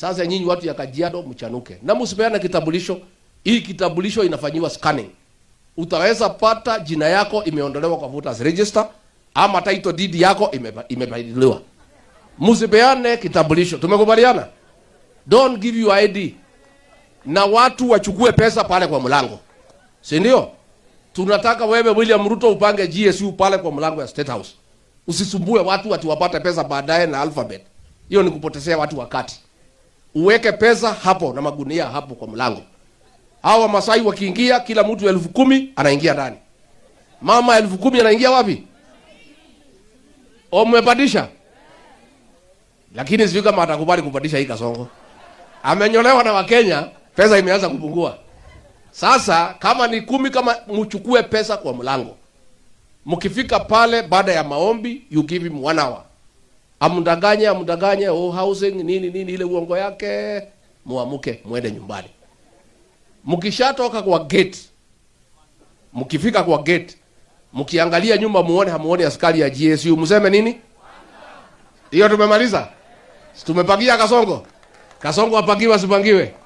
Sasa nyinyi watu ya Kajiado mchanuke na msipeana kitambulisho. Hii kitambulisho inafanyiwa scanning, utaweza pata jina yako imeondolewa kwa voters register ama title deed yako imebadiliwa. Msipeane kitambulisho, tumekubaliana? Don't give your ID na watu wachukue pesa pale kwa mlango, si ndio? Tunataka wewe William Ruto upange GSU pale kwa mlango ya State House, usisumbue watu watiwapate pesa baadaye na alphabet. Hiyo ni kupotezea watu wakati uweke pesa hapo na magunia hapo kwa mlango. Hao Wamasai wakiingia, kila mtu elfu kumi anaingia ndani. Mama elfu kumi anaingia wapi? Omwepandisha, lakini sijui kama atakubali kupandisha hii kasongo. Amenyolewa na Wakenya, pesa imeanza kupungua. Sasa kama ni kumi, kama mchukue pesa kwa mlango, mkifika pale baada ya maombi, you give him one hour amdanganye amdanganye, oh housing nini nini, ile uongo yake. Muamuke mwende nyumbani. Mkishatoka kwa gate, mkifika kwa gate, mkiangalia nyumba muone hamuone askari ya GSU, mseme nini? Hiyo tumemaliza, tumepagia Kasongo. Kasongo apagiwe asipangiwe?